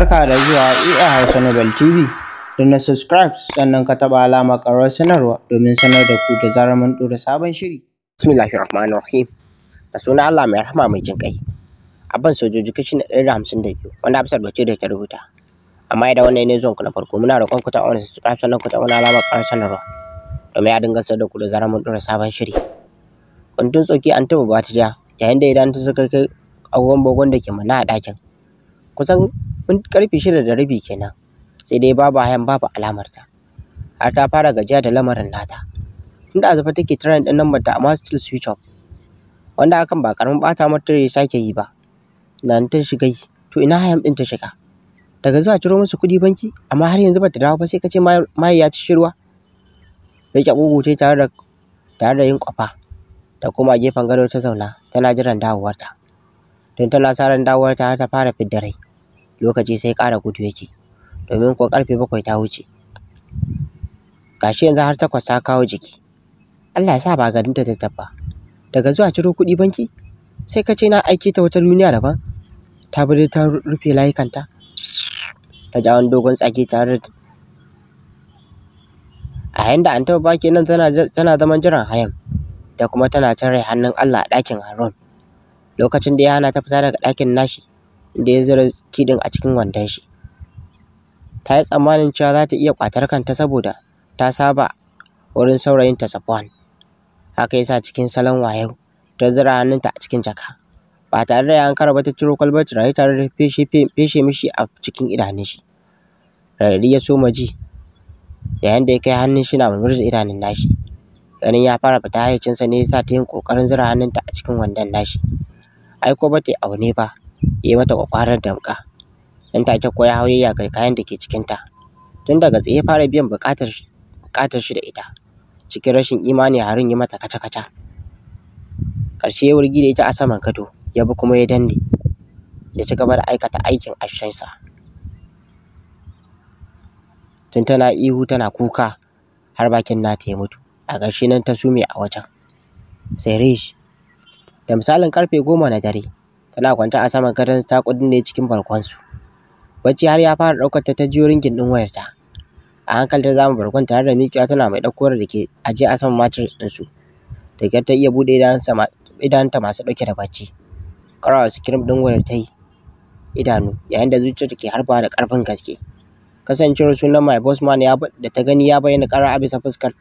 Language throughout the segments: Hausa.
Barka da zuwa EA Hausa Nobel TV. Da na subscribe sannan ka taɓa alama ƙarar sanarwa domin sanar da ku da zarar mun ɗora sabon shiri. Bismillahir Rahmanir Rahim. Da suna Allah mai rahama mai jin ƙai. Abban sojoji kashi na ɗari da hamsin da biyu wanda Hafsat bace da ta rubuta. Amma idan wannan ne zuwan ku na farko muna roƙon ku ta wani subscribe sannan ku ta wani alama ƙarar sanarwa. Domin ya dinga sanar da ku da zarar mun ɗora sabon shiri. Kuntun tsoki an taɓa ba ta ja yayin da idan ta suka kai agogon bangon da ke mana a ɗakin. Kusan Mun karfe shida da rabi kenan sai dai babu hayan babu alamarta har ta fara gajiya da lamarin nata tunda azufa take trying din number ta amma still switch off wanda hakan ba karamin bata mata ya sake yi ba nan ta shiga yi to ina hayan din ta shiga daga zuwa ciro musu kuɗi banki amma har yanzu bata dawo ba sai kace mai ya ci shirwa rike gugutai tare da tare da yin kwafa ta koma gefen gado ta zauna tana jiran dawowarta tun tana sa ran dawowarta har ta fara fidda rai lokaci sai ƙara gudu yake domin ko ƙarfe bakwai ta wuce gashi yanzu har takwas ta kawo jiki Allah ya sa ba garin ta tattafa daga zuwa ciro kuɗi banki sai ka ce na aiki ta wata duniya daban ta ta rufe layukanta ta ja wani dogon tsaki tare da a yanda da an taɓa baki nan tana zaman jiran hayan da kuma tana cin rai hannun Allah a ɗakin haron. lokacin da ya hana ta fita daga ɗakin nashi da ya zura kiɗin a cikin wandon shi. Ta yi tsammanin cewa za ta iya ƙwatar kanta saboda ta saba wurin saurayin saurayinta Safwan. Haka ya sa cikin salon wayau ta zura hannunta a cikin jaka. Ba tare da ya ba ta ciro kwalbar turare tare da feshe mishi a cikin idanun shi. Raɗaɗi ya soma ji yayin da ya kai hannun shi na murmurza idanun nashi. Ganin ya fara fita hayyacinsa ne ya sa ta yin ƙoƙarin zura hannunta a cikin wandon nashi. Ai ko ba ta yi aune ba ya mata ƙwaƙwalar damƙa. Nan take ko ya hau ya yaga kayan da ke cikinta. Tun daga tsaye ya fara biyan buƙatar buƙatar shi da ita. Cikin rashin imani harin yi mata kaca-kaca. Ƙarshe ya wurgi da ita a saman gado ya bi kuma ya danne. Ya ci gaba da aikata aikin sa Tun tana ihu tana kuka har bakin nata ya mutu. A ƙarshe nan ta sume a wajen. Sai reshi Da misalin ƙarfe goma na dare tana kwance a saman gadon ta kudinne cikin barkonsu bacci har ya fara ɗaukar ta ta jiyo gindin ɗin wayarta a hankali ta zama barkon tare da mikiwa tana mai ɗauko da ke ajiye a saman matres ɗinsu da kyar ta iya buɗe idanunta masu ɗauke da bacci karawa sikirim ɗin wayar ta yi idanu yayin da zuciyarta ke harbawa da ƙarfin gaske kasancewar sunan my boss man da ta gani ya bayyana ƙara a bisa fuskar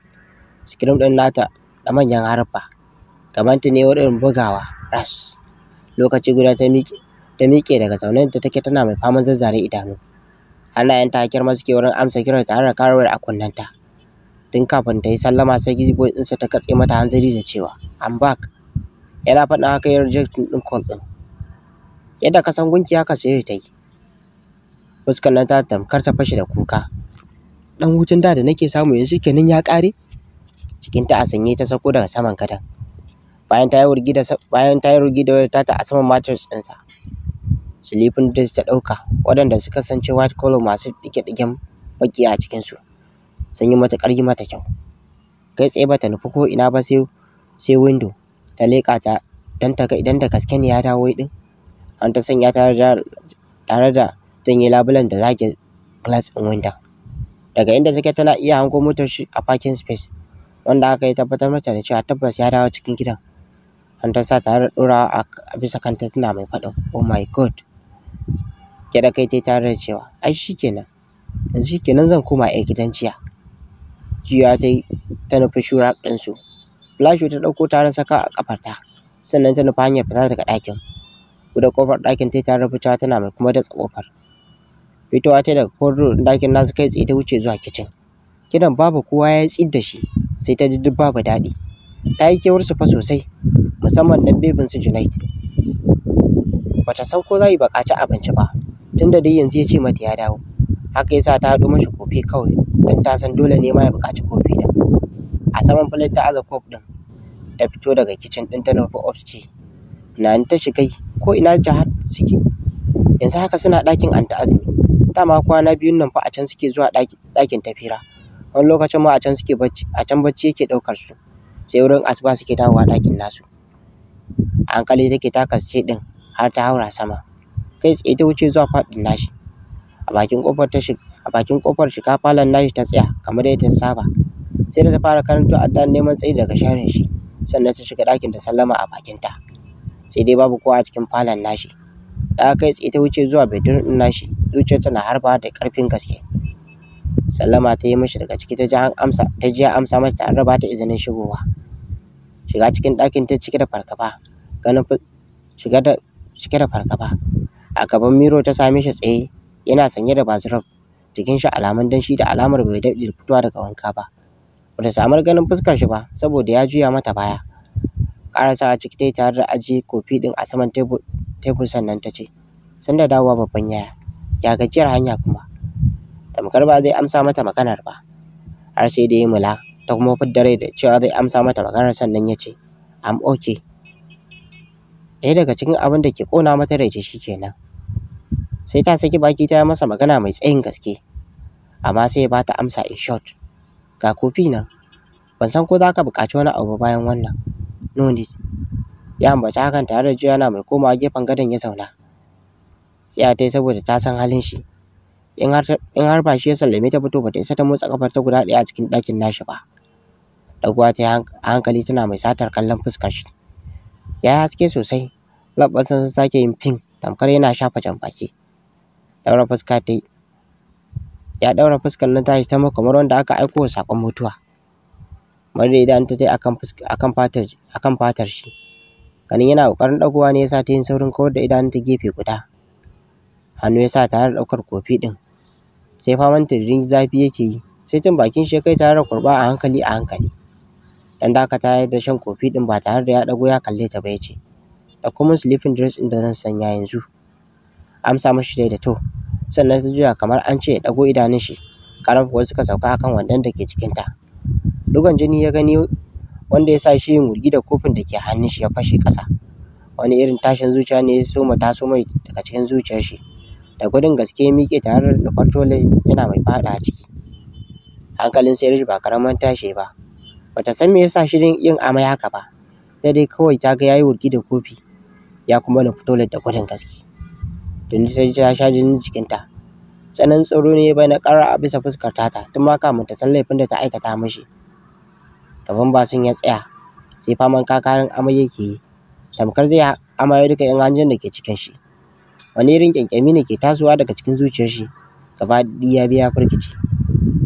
sikirim ɗin nata da manyan haruffa kamar ne waɗannan bugawa ras lokaci guda ta miƙe daga zaunen da take tana mai faman zazzare idanu hannayenta girma suke wurin amsa kiran tare da karuwar a kunnenta tun kafin ta yi sallama sai gizo ɗinsa ta katse mata hanzari da cewa I'm back yana faɗin haka ya reject ɗin call ɗin yadda ka san gunki haka sai ta yi fuskar nan ta tamkar ta fashe da kuka Dan hutun da da nake samu yanzu kenan ya ƙare cikinta a sanye ta sako daga saman gadon bayan ta yi da bayan ta yi da wayar tata a saman mattress ɗinsa sleeping dress ta ɗauka waɗanda suka san cewa white masu ɗige-ɗigen baƙi a cikinsu sun yi matuƙar yi mata kyau kai tsaye bata nufi ko ina ba sai sai window ta leƙa ta don ta ga idan da gaske ne ya dawo ɗin an ta sanya tare da tare da janye labulen da zage glass ɗin window daga inda take tana iya hango motar shi a parking space wanda aka yi tabbatar mata da cewa tabbas ya dawo cikin gidan sa tare da ɗorawa a bisa kanta tana mai faɗin oh my god gyaɗa kai tai tare da cewa ai kenan, yanzu kenan zan koma a gidan jiya jiya ta ta nufi shura ɗinsu Lashu ta ɗauko tarin saka a ƙafarta sannan ta nufi hanyar fita daga ɗakin buɗe ƙofar ɗakin tai tare da tana mai kuma datsa ƙofar fitowa ta daga korido ɗakin nasu kai tsaye ta wuce zuwa kicin gidan babu kowa ya tsid da shi sai ta ji duk babu daɗi ta yi kewarsu fa sosai musamman na bebin su Junaid. Bata san ko yi buƙaci abinci ba, tunda dai yanzu ya ce mata ya dawo. Haka yasa ta haɗo mashi kofi kawai, don ta san dole ne ma ya buƙaci kofi din. A saman filin ta aza kof din, ta fito daga kicin din ta nufi upstairs. na ta shiga ko ina Jahat suke. Yanzu haka suna ɗakin Anta Azumi. Dama kwana biyun nan fa a can suke zuwa ɗakin tafira. Wani lokacin ma a can bacci, a can bacci yake ɗaukar su. Sai wurin asuba suke dawowa ɗakin nasu. a hankali take kasu ce ɗin har ta haura sama kai tsaye ta wuce zuwa faɗin nashi a bakin kofar ta a bakin kofar shiga falon nashi ta tsaya kamar yadda ta saba sai da ta fara karanto addan neman tsayi daga sharin shi sannan ta shiga ɗakin ta sallama a bakin ta. sai dai babu kowa a cikin falon nashi da kai tsaye ta wuce zuwa bedroom nashi zuciyar tana harba da ƙarfin gaske sallama ta yi mishi daga ciki ta ji amsa ta ji amsa mata ta raba ta izinin shigowa shiga cikin ɗakin ta cike da fargaba ganin shiga da cike da fargaba. A gaban Miro ta same shi tsaye yana sanye da bazuram jikin shi alamun danshi da alamar bai daɗe da fitowa daga wanka ba. Bata samar ganin fuskar shi ba saboda ya juya mata baya. sa ciki tayi tare da ajiye kofi ɗin a saman tebur tebur sannan ta ce sanda dawowa babban yaya ya gajiyar hanya kuma. Tamkar ba zai amsa mata maganar ba har sai da ya mula ta kuma fidda rai da cewa zai amsa mata maganar sannan ya ce am okay ɗaya daga cikin abin da ke ƙona mata rai shi kenan. sai ta saki baki ta masa magana mai tsayin gaske amma sai ba ta amsa in short ga kofi nan ban san ko za ka buƙaci wani abu bayan wannan no need ya ambaci hakan tare da juya yana mai komawa gefen gadon ya zauna tsaya ta saboda ta san halin shi in har ba shi ya sallame ta fito ba ta isa ta motsa kafar ta guda ɗaya a cikin ɗakin nashi ba ɗaguwa ta hankali tana mai satar kallon fuskar shi ya haske sosai labbansa sun sake yin fin tamkar yana shafa baki. daura fuska ta ya daura fuskar nan tashi ta kamar wanda aka aiko sakon mutuwa mare idan ta tai akan akan fatar shi ganin yana kokarin dagowa ne sa ta yin saurin kawar da idan ta gefe guda hannu yasa tare da ɗaukar kofi ɗin. sai faman tiririn zafi yake yi sai tun bakin shi kai tare da kurba a hankali a hankali Dan dakata da shan kofi ɗin ba tare da ya ɗago ya kalle ta ba ya ce, ɗauko min sleeping dress ɗin da zan sanya yanzu. Amsa mashi dai da to, sannan ta juya kamar an ce ya ɗago idanun shi, karan kuwa suka sauka akan wandon da ke ta Dugon jini ya gani wanda ya sa shi yin wurgi da kofin da ke hannun shi ya fashe ƙasa. Wani irin tashin zuciya ne ya soma taso mai daga cikin zuciyar shi. Da gudun gaske ya miƙe tare da nufar yana mai faɗa a ciki. Hankalin Sirish ba ƙaramin tashi ba. bata san me yasa shi yin amai haka ba sai dai kawai ta ga yayi wurgi da kofi ya kuma nufi toilet da gudun gaske tuni ta ta sha jinin jikinta tsanan tsoro ne bai na ƙara a bisa fuskar tata tun ma kamun ta san laifin da ta aikata mishi gaban basin ya tsaya sai faman kakarin amai yake yi tamkar zai amaye duka yan hanjin da ke cikin shi wani irin kyankyami ne ke tasowa daga cikin zuciyar shi gaba ya biya firgici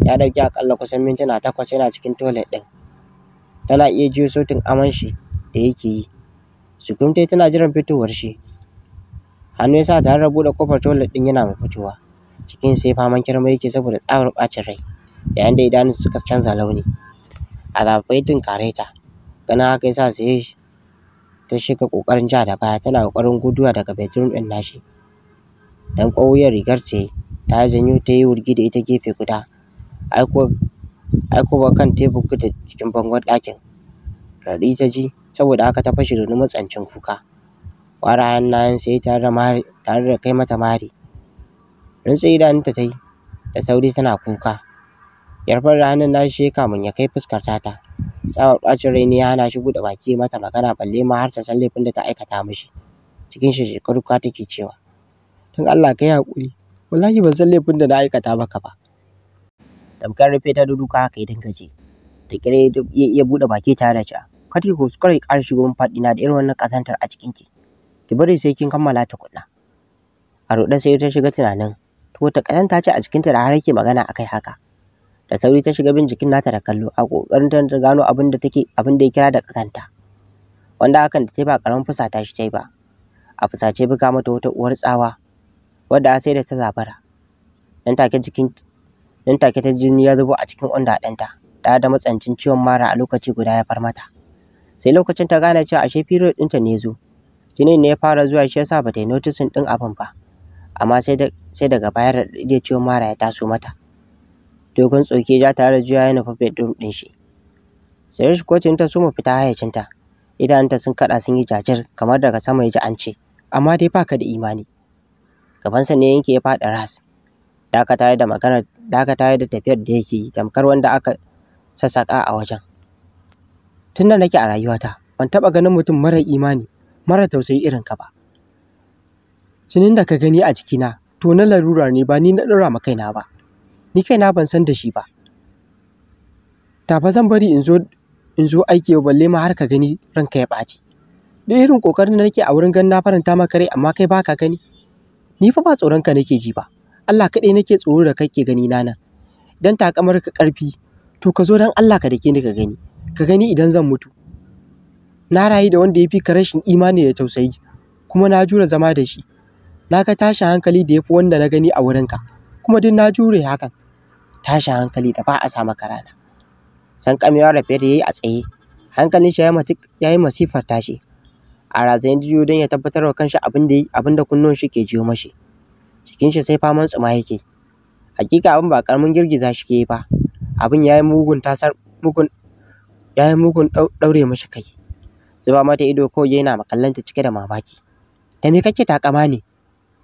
ya ɗauki aƙalla kusan mintuna takwas yana cikin toilet ɗin tana iya jiyo sautin aman shi da yake yi. sukunta tana jiran fitowar shi. Hannu ya sa tare da buɗe kofar toilet ɗin yana mai fitowa. Cikin sai faman kirma yake saboda tsabar ɓacin rai. Yayin da idanun suka canza launi. A zafafai tunkare ta. Ganin haka yasa sa sai ta shiga ƙoƙarin ja da baya tana ƙoƙarin guduwa daga bedroom ɗin nashi. Dan wuyar rigar ta yi. Ta janyo ta yi wurgi da ita gefe guda. Aiko. ai kuma kan tebur kuke jikin bangon ɗakin raɗi ta ji saboda haka ta fashe da wani matsancin kuka ƙwara hannayensa ya saye da tare da kai mata mari rintsa idanunta ta yi da sauri tana kuka yarfar da hannun nashi ya kamun ya kai fuskar tata tsawar ɓacin rai ya hana shi buɗe baki mata magana balle ma har ta san laifin da ta aikata mishi cikin shekaru ka take cewa don Allah kayi hakuri! haƙuri wallahi ban san laifin da na aikata maka ba tamkar rufe ta duka haka ya dangaje da kire ya buɗe baki tare da cewa kati su kare ƙara shigo mun faɗi na da irin wannan ƙazantar a cikin ki ki bari sai kin kammala ta kunna a ruɗe sai ta shiga tunanin to ta ƙazanta ce a ta da har yake magana akai haka da sauri ta shiga bin jikin nata da kallo a kokarin ta gano abin da take abin da ya kira da ƙazanta wanda hakan da ta ba ƙaramin fusata shi ta yi ba a fusace buga mata wata uwar tsawa wadda sai da ta zabara dan take jikin Nan take ta jini ya zubo a cikin onda ɗinta, ta da matsanancin ciwon mara a lokaci guda ya far mata. Sai lokacin ta gane cewa ashe period ɗinta ne ya zo. Jinin ne ya fara zuwa shi yasa ta yi noticing ɗin abin ba. Amma sai daga baya raɗaɗi ciwon mara ya taso mata. Dogon tsoki ja tare da juya ya nufi bedroom ɗin shi. Sai shi kotun ta suma fita hayyacinta. Idanunta sun kaɗa sun yi jajir kamar daga sama ya ji an ce, amma dai baka da imani. Gabansa ne yanke ya faɗi ras. Dakata da maganar dakatawa da tafiyar da yake yi tamkar wanda aka sassaƙa a wajen. Tun da nake a rayuwata ban taɓa ganin mutum mara imani mara tausayi irin ka ba. Jinin da ka gani a jikina to na larura ne ba ni na ɗora ma kaina ba. Ni kaina ban san da shi ba. Da ba zan bari in zo aiki ba balle ma har ka gani ranka ya ɓaci. Duk irin ƙoƙarin da nake a wurin ganin na faranta maka rai amma kai baka gani. Ni fa ba tsoron ka nake ji ba. Allah kaɗai nake tsoro da kake gani nana dan takamar ka ƙarfi to ka zo dan Allah ka dake ni ka gani ka gani idan zan mutu na rayu da wanda ya fi ka rashin imani da tausayi kuma na jure zama da shi na ga tashin hankali da ya fi wanda na gani a wurinka kuma duk na jure hakan Tashi hankali da ba a sa maka rana san kamewa da fiye da ya yi a tsaye hankalin shi ya yi masifar tashi a razayin jiyo don ya tabbatar wa kanshi abin da kunnuwan shi ke jiyo mashi Cikin shi sai faman tsuma yake hakika abin ba ƙaramin girgiza shi ke yi ba abin ya yi mugun tasar mugun ya mugun ɗaure mashi kai zuba mata ido kawai yana makallanta cike da mamaki da me kake takama ne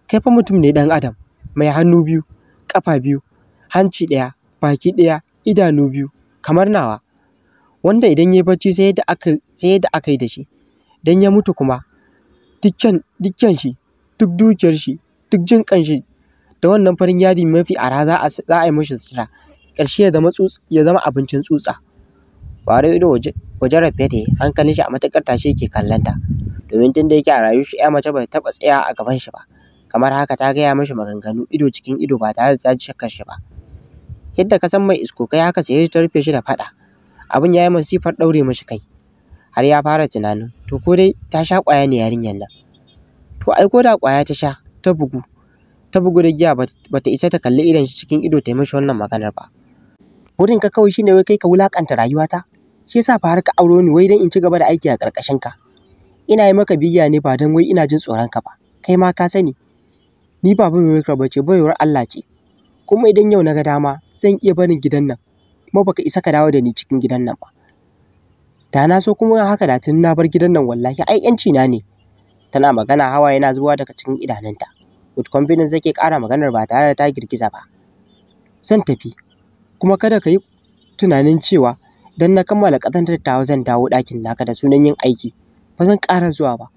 kai fa mutum ne ɗan adam mai hannu biyu ƙafa biyu hanci ɗaya baki ɗaya idanu biyu kamar nawa wanda idan ya yi bacci sai yadda aka sai yadda aka yi da shi idan ya mutu kuma dukkan dukkan shi duk dukiyar shi duk jin ƙanshi da wannan farin yadi mafi ara za a, za a yi mashi sutura ƙarshe ya zama tsutsa ya zama abincin tsutsa ware ido waje rafe da hankalin shi a matuƙar tashe yake kallon ta domin tun da yake a rayuwar shi ƴa mace bai taɓa tsaya a gaban shi ba kamar haka ta gaya mashi maganganu ido cikin ido ba tare da ta ji shakkar shi ba yadda ka san mai isko kai haka sai ta rufe shi da faɗa abin ya yi masifar ɗaure mashi kai har ya fara tunanin to ko dai ta sha ƙwaya ne yarinyar nan to ai ko da ƙwaya ta sha ta bugu ta bugu da giya bata isa ta kalli idon shi cikin ido ta mishi wannan maganar ba wurin ka kawai shine wai kai ka wulakanta rayuwata shi yasa fa har ka auro ni wai dan in ci gaba da aiki a ƙarƙashin ka ina yi maka biyya ne ba dan wai ina jin tsoron ka ba kai ma ka sani ni ba baiwar ka bace baiwar Allah ce kuma idan yau na ga dama zan iya barin gidan nan kuma baka isa ka dawo da ni cikin gidan nan ba da na so kuma haka da tun na bar gidan nan wallahi ai yanci na ne tana magana hawa yana zuwa daga cikin idanunta with confidence yake ƙara maganar ba tare da ta girgiza ba zan tafi kuma kada ka yi tunanin cewa dan na kammala ƙazantar tawa zan dawo ɗakin naka da sunan yin aiki ba zan ƙara zuwa ba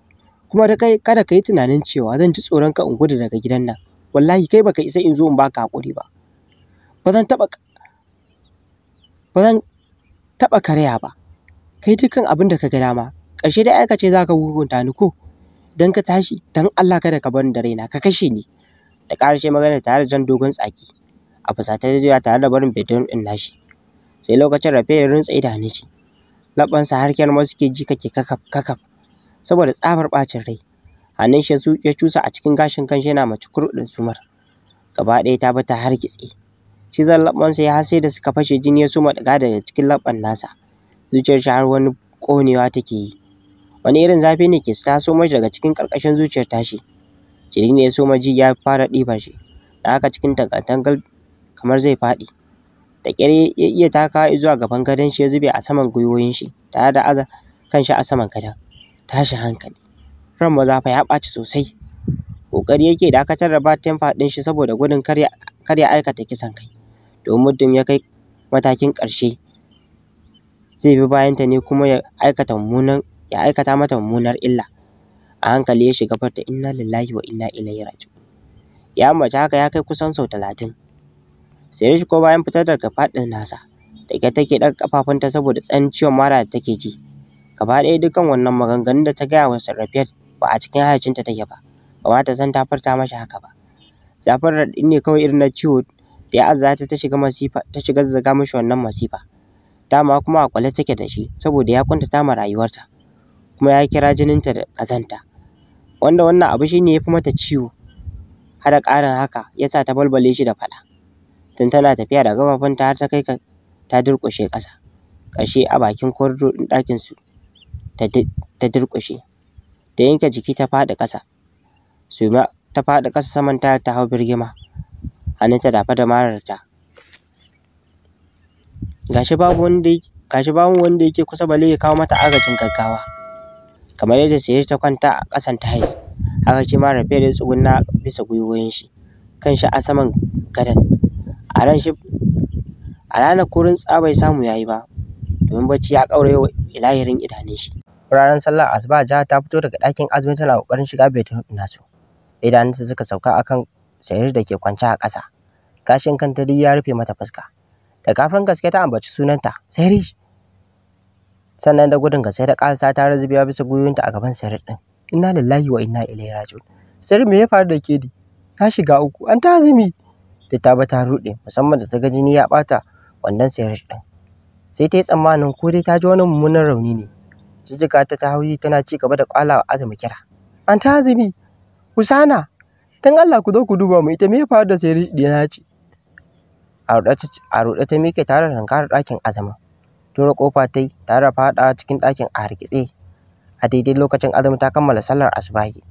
kuma da kai kada ka yi tunanin cewa zan ji tsoron ka in gudu daga gidan nan wallahi kai baka isa in zo in baka haƙuri ba ba zan taɓa ba zan taɓa karya ba kai dukkan abin da ka ga dama ƙarshe dai aikace zaka hukunta ni ko don ka tashi don Allah kada ka bar ni da raina ka kashe ni da ƙarashe magana tare da jan dogon tsaki a fusata ya juya tare da barin bedroom ɗin shi. sai lokacin rafe ya rintsa idanun shi labansa har kyar suke ji kake kakaf kakaf saboda tsabar bacin rai hannun shi ya cusa a cikin gashin kanshi yana mace kurɗin sumar gaba ɗaya ta bata har kitse cizon sa ya hase da suka fashe jini ya suma daga daga cikin laban nasa zuciyar shi har wani ƙonewa take yi wani irin zafi ne ke taso mashi daga cikin ƙarƙashin zuciyar tashi jiri ne ya soma ji ya fara ɗibar shi da haka cikin tangal kamar zai faɗi da ƙyar ya iya takawa zuwa gaban gadon shi ya zube a saman gwiwoyin shi tare da aza kanshi a saman gadon tashi hankali ran maza fa ya ɓaci sosai ƙoƙari yake dakatar da batempa ɗin shi saboda gudun kar ya aikata kisan kai domin muddin ya kai matakin ƙarshe zai bi bayanta ne kuma ya aikata mummunan ya aikata mata mummunar illa a hankali ya shiga farta inna lillahi wa inna ilaihi raji'un ya ambaci haka ya kai kusan sau talatin Sai ya ko bayan fitar daga faɗin nasa da ke take ɗaga ƙafafunta saboda tsanin ciwon mara da take ji gaba ɗaya dukkan wannan maganganun da ta gaya wa sarrafiyar ba a cikin hayacinta take ba ba ta san ta farta masa haka ba zafin raɗi ne kawai irin na ciwo da ya azata ta shiga masifa ta shiga zaga mishi wannan masifa dama kuma a kwale take da shi saboda ya kuntata ma rayuwarta kuma ya kira jininta da ƙazanta wanda wannan abu shi ne ya fi mata ciwo hada ƙarin haka ya sa ta balbale shi da faɗa tun tana tafiya da ƙafafunta har ta kai ta durƙushe ƙasa ƙarshe a bakin korido ɗin ɗakin su ta durƙushe da yanke jiki ta faɗi ƙasa Suma ta faɗi ƙasa saman ta ta hau birgima hannunta dafe da mararta gashi babu wanda gashi babu wanda yake kusa balle ya kawo mata agajin gaggawa kamar yadda Sirri ta kwanta a ƙasan haihu. haka shi ma Rafael ya tsugunna bisa gwiwoyin shi kanshi a saman gadon a ran shi a ranar ko rintsa bai samu ya yi ba domin bacci ya ƙauraye wa ilahirin idanun shi ranar sallar asuba Jaha ta fito daga ɗakin azumi tana ƙoƙarin shiga bedroom nasu idanunta suka sauka akan sayar da ke kwance a ƙasa gashin kanta duk ya rufe mata fuska da kafin gaske ta ambaci sunanta Sirri sannan da gudun ka sai da ƙasa ta rizbiya bisa gwiwinta a gaban Sarit din Inna lillahi wa inna ilaihi raji'un. Sarit me ya faru da ke Ta shiga uku, an ta azumi. Da ta ba ta ruɗe, musamman da ta ga jini ya bata wannan Sarit din Sai ta yi tsammanin ko dai ta ji wani mummunan rauni ne. Jijjiga ta ta hauyi tana ci gaba da kwalawa azumi kira. An ta azumi, Husana, don Allah ku zo ku duba mu ita me ya faru da din ɗina ce. a ruɗe ta mike, tare da rankar ɗakin azumin. tura kofa ta yi tare da faɗawa cikin ɗakin a hargitse a daidai lokacin azumi ta kammala sallar asubahi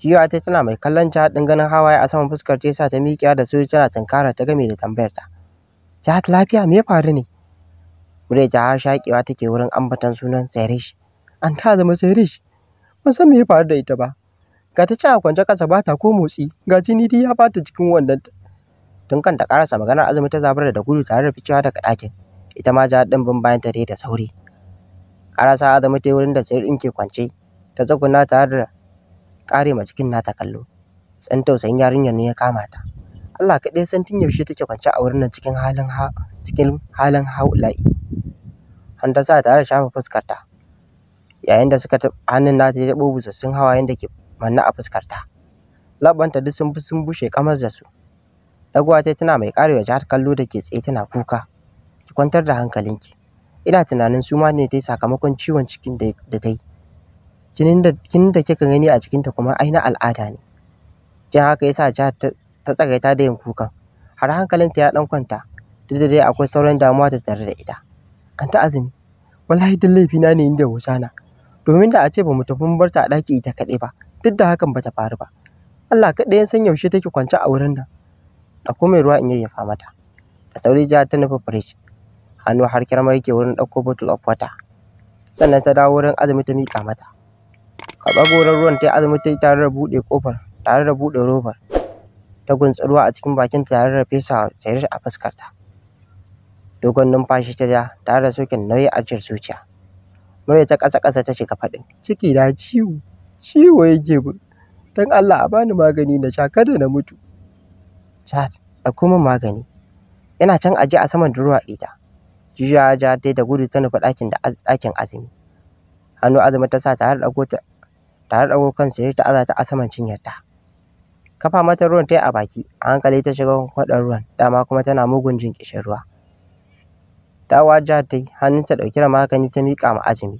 jiya ta tana mai kallon ta haɗin ganin hawaye a saman fuskar ta yasa ta miƙewa da sauri tana tunkara ta game da tambayar ta jahat lafiya me ya faru ne murya har shaƙewa take wurin ambatan sunan sairish an ta zama sairish ban san me ya faru da ita ba ga ta ci a kwance ƙasa ba ta ko motsi ga jini dai ya bata cikin wannan tun kan ta ƙarasa maganar azumi ta zabar da gudu tare da ficewa daga ɗakin ita ma Jihar ɗin bin bayan ta da sauri. Ƙarasa Adamu ta yi wurin da sayar ɗin ke kwance, ta tsuguna tare da ƙare ma jikin nata kallo. Tsan tausayin yarinyar ne ya kama ta. Allah kaɗai san tun yaushe take kwance a wurin nan cikin halin ha cikin halin haula'i. ta sa tare da shafa fuskarta. Yayin da suka hannun nata ya taɓo busassun hawayen da ke manne a fuskarta. Labbanta duk sun sun bushe kamar da su. Ɗaguwa ta tana mai ƙarewa jihar kallo da ke tsaye tana kuka. ki kwantar da hankalinki ina tunanin suma ne ta yi sakamakon ciwon cikin da ta yi jinin da kin da kika gani a cikinta kuma ai na al'ada ne jin haka yasa jihar ta, ta tsagaita da yin kukan har hankalinta ya dan kwanta duk da dai akwai sauran damuwa ta tare da ita an ta azumi wallahi duk laifina ne inda husana domin da a ce ba mu tafi mun bar ta a ɗaki ita kaɗai ba duk da hakan bata faru ba Allah kaɗai ya san yaushe take kwance a wurin nan da mai ruwa in yayyafa mata da sauri jihar ta nufi firij. hannu har kirma yake wurin ɗauko bottle of water sannan ta dawo wurin azumi ta miƙa mata karɓar gorar ruwan ta yi azumi ta yi tare da buɗe ƙofar tare da buɗe robar ta guntsi ruwa a cikin bakin bakinta tare da fesa sayar a fuskarta dogon numfashi ta ja tare da sokin nauyi a jiyar zuciya murya ta ƙasa ƙasa ta shiga faɗin ciki na ciwo ciwo yake bu don Allah a bani magani na sha kada na mutu chat akuma magani yana can aje a saman durowa ɗita Juyawa ja tayi da gudu ta nufi ɗakin da ɗakin Azumi. Hannu Azumi ta sa tare da ɗago ta tare da ɗago kansa ya ta aza a saman cinyarta. Kafa mata ruwan ta yi a baki, a hankali ta shiga kwankwaɗar ruwan, dama kuma tana mugun jin ƙishin ruwa. Dawowa ja ta yi, ta ɗauke da magani ta miƙa ma Azumi.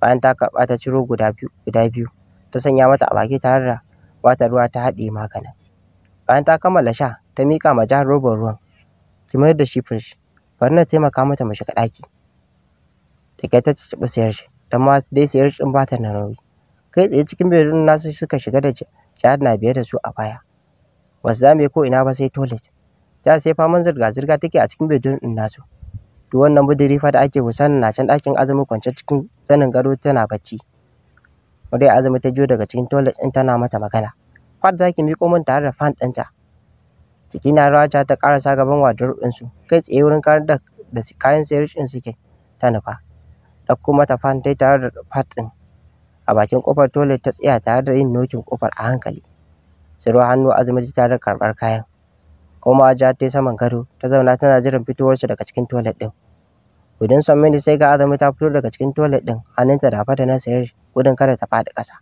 Bayan ta karɓa ta ciro guda biyu, guda biyu ta sanya mata a baki tare da bata ruwa ta haɗiye maganin. Bayan ta kammala sha, ta miƙa ma ja robar ruwan, ki mayar da shi bari na taimaka mata mu shiga ɗaki Da kai ta ciciɓi sayar shi dan ma dai sayar din ba ta da nauyi kai tsaye cikin bedroom nasu suka shiga da jihar na biye da su a baya ba su zame ko ina ba sai toilet ta sai faman zirga-zirga take a cikin bedroom din nasu duk wannan budiri fa da ake husana na can ɗakin azumi kwance cikin sanin gado tana bacci dai Azumi ta jiyo daga cikin toilet in tana mata magana. Fat zaki ki miƙo min tare da fan ɗinta. Ciki na Raja ta sa gaban wardrobe ɗinsu, kai tsaye wurin kayan da kayan sayar ɗin suke, ta nufa. Ɗauko mata fan ta yi tare da fat ɗin. A bakin ƙofar toilet ta tsaya tare da yin nokin ƙofar a hankali. Tsiro hannu Azumi ta tare da karɓar kayan. Kuma ja ta yi saman gado, ta zauna tana jiran fitowarsa daga cikin toilet ɗin. Gudun some minutes sai ga Azumi ta fito daga cikin toilet ɗin, hannunta da da na sayar gudun kada ta faɗi ƙasa.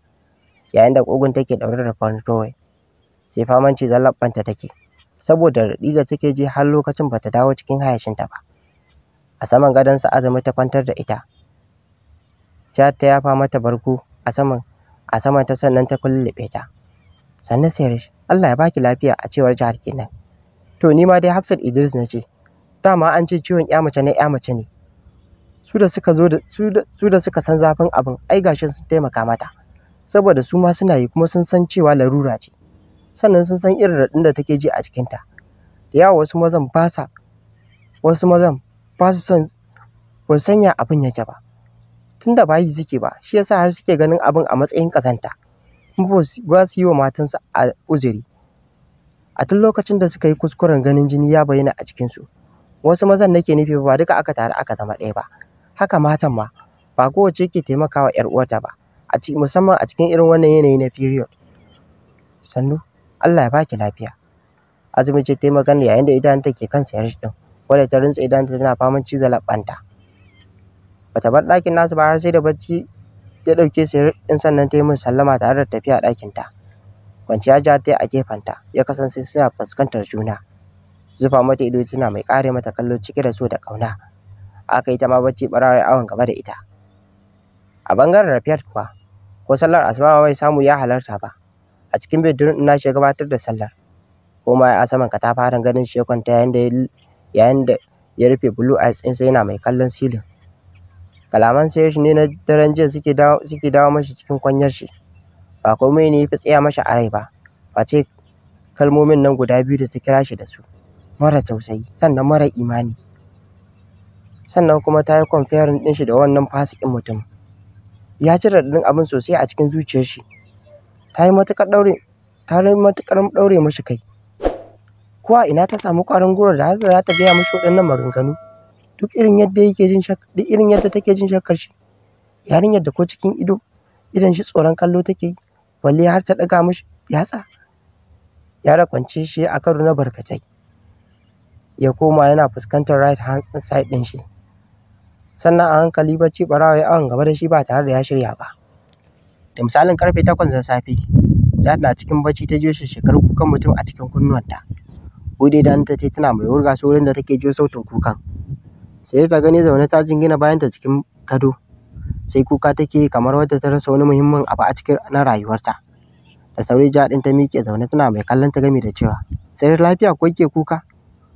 Yayin da ƙugun take ɗaure da farin Sai famanci cizon take. saboda raɗi da take ji har lokacin bata dawo cikin hayashinta ba a saman gadon sa azumi ta kwantar da ita ja ta yafa mata barko a saman a saman ta sannan ta kullube ta sannan sayarish Allah ya baki lafiya a cewar jihar kenan to ni ma dai Hafsat Idris na ce dama an ce ciwon ƴa mace ne ƴa mace ne su da suka zo da su da suka san zafin abin ai gashin sun taimaka mata saboda su ma suna yi kuma sun san cewa larura ce sannan sun san irin raɗin da take ji a cikinta. da yawa wasu mazan ba sa wasu mazan ba su son ba san ya abin yake ba tunda ba bayi suke ba shi yasa har suke ganin abin a matsayin kazanta ba su yi wa matansa a uzuri a tun lokacin da suka yi kuskuren ganin jini ya bayyana a cikinsu wasu mazan nake nufi ba duka aka taru aka zama ɗaya ba haka matan ma ba kowace ke taimakawa 'yar uwarta ba musamman a cikin irin wannan yanayi na period sannu Allah ya baki lafiya azumi ce ta yi magana yayin da idanunta ke kan sayar din wadda ta rintsa ta tana faman ciza labanta bata bar ɗakin nasu ba har sai da bacci ya ɗauke sayar din sannan ta yi min sallama tare da tafiya ɗakin ta kwanciya ja ta yi a gefen ta? ya kasance suna fuskantar juna zufa mata ido tana mai ƙare mata kallo cike da so da ƙauna aka yi ta ma bacci ɓarawai awon gaba da ita a bangaren Rafiat kuwa ko sallar asuba bai samu ya halarta ba a cikin bedroom ina shi ya gabatar da sallar kuma a saman katafaren ganin shi ya kwanta yayin da yayin da ya rufe blue eyes sai yana mai kallon silin kalaman shi ne na daren jiya suke dawo suke dawo mashi cikin kwanyar shi ba komai ne ya fi tsaya masa a rai ba face kalmomin nan guda biyu da ta kira shi da su mara tausayi sannan mara imani sannan kuma ta yi comparing din shi da wannan fasikin mutum ya ci raɗaɗin abin sosai a cikin zuciyar shi ta yi matuƙar ɗaure ta yi matuƙar ɗaure mashi kai ko a ina ta samu ƙwarin gwiwar da har za ta gaya mashi waɗannan maganganu duk irin yadda yake jin duk irin yadda take jin shakkar shi yarinyar da ko cikin ido idan shi tsoron kallo take yi balle har ta ɗaga mashi yatsa ya rakwance shi a karo na barkatai ya koma yana fuskantar right hand side ɗin shi sannan a hankali bacci ɓarawa ya awon gaba da shi ba tare da ya shirya ba da misalin karfe takwas na safe ta na cikin bacci ta jiyo shekaru kukan mutum a cikin kunnuwanta. Bude idanunta ta tana mai wurga saurin wurin da take jiyo sautin kukan. Sai ta gani zaune ta jingina ta cikin kado. Sai kuka take kamar wadda ta rasa wani muhimmin abu a cikin na rayuwarta. Da sauri ja din ta miƙe zaune tana mai kallon ta gami da cewa sai lafiya ko ke kuka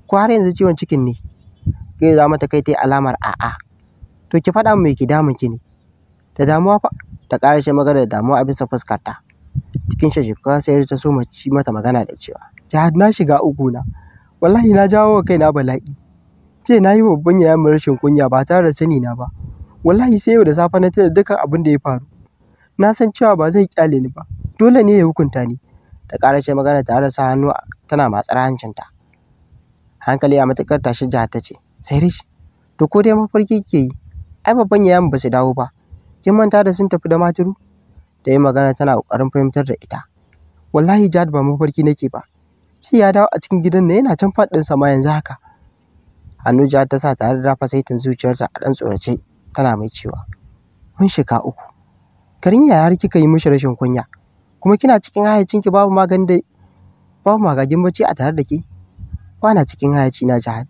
ko har yanzu ciwon cikin ne. za mata kai ta yi alamar a'a. To ki faɗa min me ke damun ne? Da damuwa fa ta magana da damuwa a bisa fuskarta cikin shashikuwa sai ta so ci mata magana da cewa jihar na shiga uku na wallahi na jawo wa kaina bala'i ce na yi babban yaya mu rashin kunya ba tare da sani na ba wallahi sai yau da safe na tuna dukkan abin da ya faru na san cewa ba zai kyale ni ba dole ne ya hukunta ni ta ƙarashe magana tare da sa hannu tana matsar hancinta hankali a matuƙar tashi jihar ta ce sai shi, to ko dai mafarki ke yi ai babban yayan ba su dawo ba kin manta da sun tafi da maturu ta yi magana tana ƙoƙarin fahimtar da ita wallahi jad ba mafarki nake ba Shi ya dawo a cikin gidan nan yana can faɗin sama yanzu haka hannu Jihar ta sa tare da saitin zuciyarta a ɗan tsorace tana mai cewa mun shiga uku Garin yaya har kika yi mishi rashin kunya kuma kina cikin hayacinki babu magani da babu magagin bacci a tare da ke kwana cikin hayaci na jihar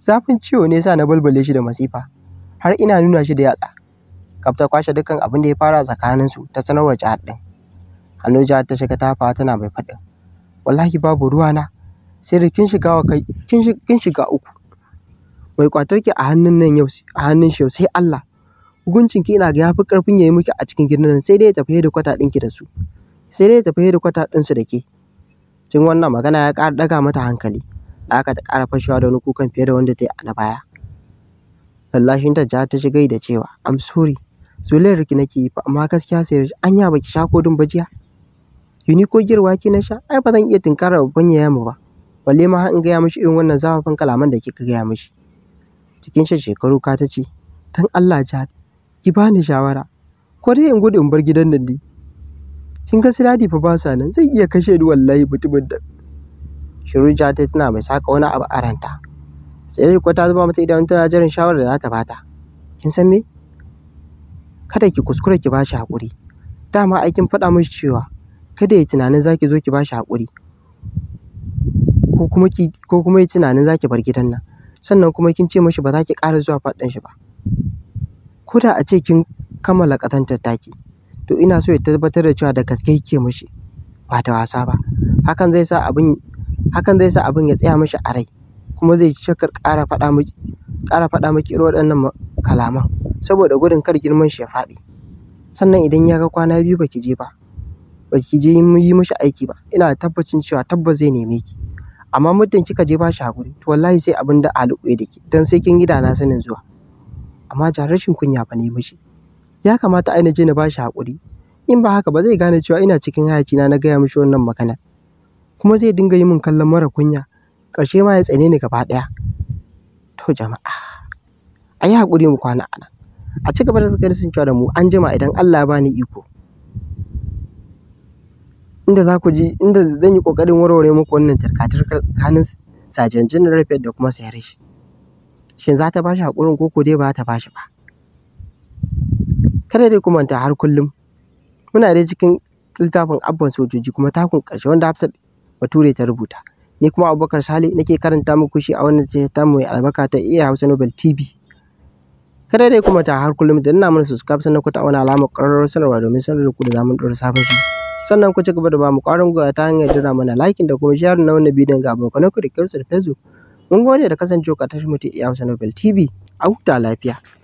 zafin ciwo ne sa na balbale shi da masifa har ina nuna shi da yatsa kaf ta kwashe dukkan abin da ya fara su ta sanarwa jihar ɗin hannu jihar ta shiga tana mai faɗin wallahi babu ruwa na sai da kin shiga wa kai kin shiga uku mai ki a hannun nan yau a hannun shi yau sai Allah hukuncin ki ina ga yafi karfin yayi miki a cikin gidan nan sai dai ya tafi da kwata ɗinki da su sai dai ya tafi da kwata su da ke cin wannan magana ya ƙara ɗaga mata hankali da aka ta ƙara fashewa da wani kukan fiye da wanda ta yi a na baya wallahi ta ta shiga da cewa I'm sorry zolayar ki nake yi fa amma gaskiya sai da anya baki sha ko ba jiya yuni ko girwa ki na sha ai ba zan iya tinkara babban yaya mu ba balle ma har in gaya mishi irin wannan zafafan kalaman da kika gaya mishi cikin shan shekaru ka ta ce Allah ja ki bani shawara ko dai in gudu in bar gidan nan ne kin ga siladi fa ba sa nan zai iya kashe ni wallahi mutumin da shiruja ta tana mai saka wani abu a ranta sai ko ta zama mata idan tana jiran shawarar da za ta bata kin san me kada ki kuskura ki bashi haƙuri dama ai kin faɗa mishi cewa kada yayi tunanin zaki zo ki bashi haƙuri ko kuma ki ko yayi tunanin zaki bar gidan nan sannan kuma kin ce mishi ba za ki ƙara zuwa faɗin shi ba ko da a ce kin kammala ƙazantar taki to ina so ya tabbatar da cewa da gaske kike mishi ba da wasa ba hakan zai sa abin ya tsaya mishi a rai kuma zai cika ƙara faɗa miki ƙara faɗa miki irin waɗannan kalaman saboda gudun kar girman shi ya faɗi sannan idan ya ga kwana biyu baki je ba baki je yi mishi aiki ba ina da tabbacin cewa tabbas zai neme ki amma muddin kika je bashi hakuri to wallahi sai abin da aluɓe da ke dan sai kin yi da na sanin zuwa amma jan rashin kunya ba ne mishi ya kamata ai na je na ba shi hakuri in ba haka ba zai gane cewa ina cikin hayacina na gaya mishi wannan magana kuma zai dinga yi min kallon mara kunya ƙarshe ma ya tsane ni gaba ɗaya. To jama'a, a yi haƙuri mu kwana a nan. A ci gaba da sun da mu anjima idan Allah ya bani iko. Inda za ku ji, inda zan yi ƙoƙarin warware muku wannan tarkatarkar tsakanin Sajan General Fed da kuma Sayarish. Shin za ta ba shi haƙurin ko dai ba ta ba shi ba? Kada dai ku manta har kullum. Muna dai cikin littafin Abban Sojoji kuma takun ƙarshe wanda Hafsat Bature ta rubuta. ni kuma abubakar sale nake karanta muku shi a wannan ta mai albarka ta iya hausa nobel tv kada dai kuma ta har kullum da ina mana subscribe sannan ku ta wani alama ƙararrawar sanarwa domin sanar da ku da zamun ɗora sabon shi sannan ku ci gaba da ba mu ƙwarin gwiwa ta hanyar jira mana likin da kuma share na wannan bidiyon ga ku da kyautar da facebook mun gode da kasancewa ka tashi mutum iya hausa nobel tv a huta lafiya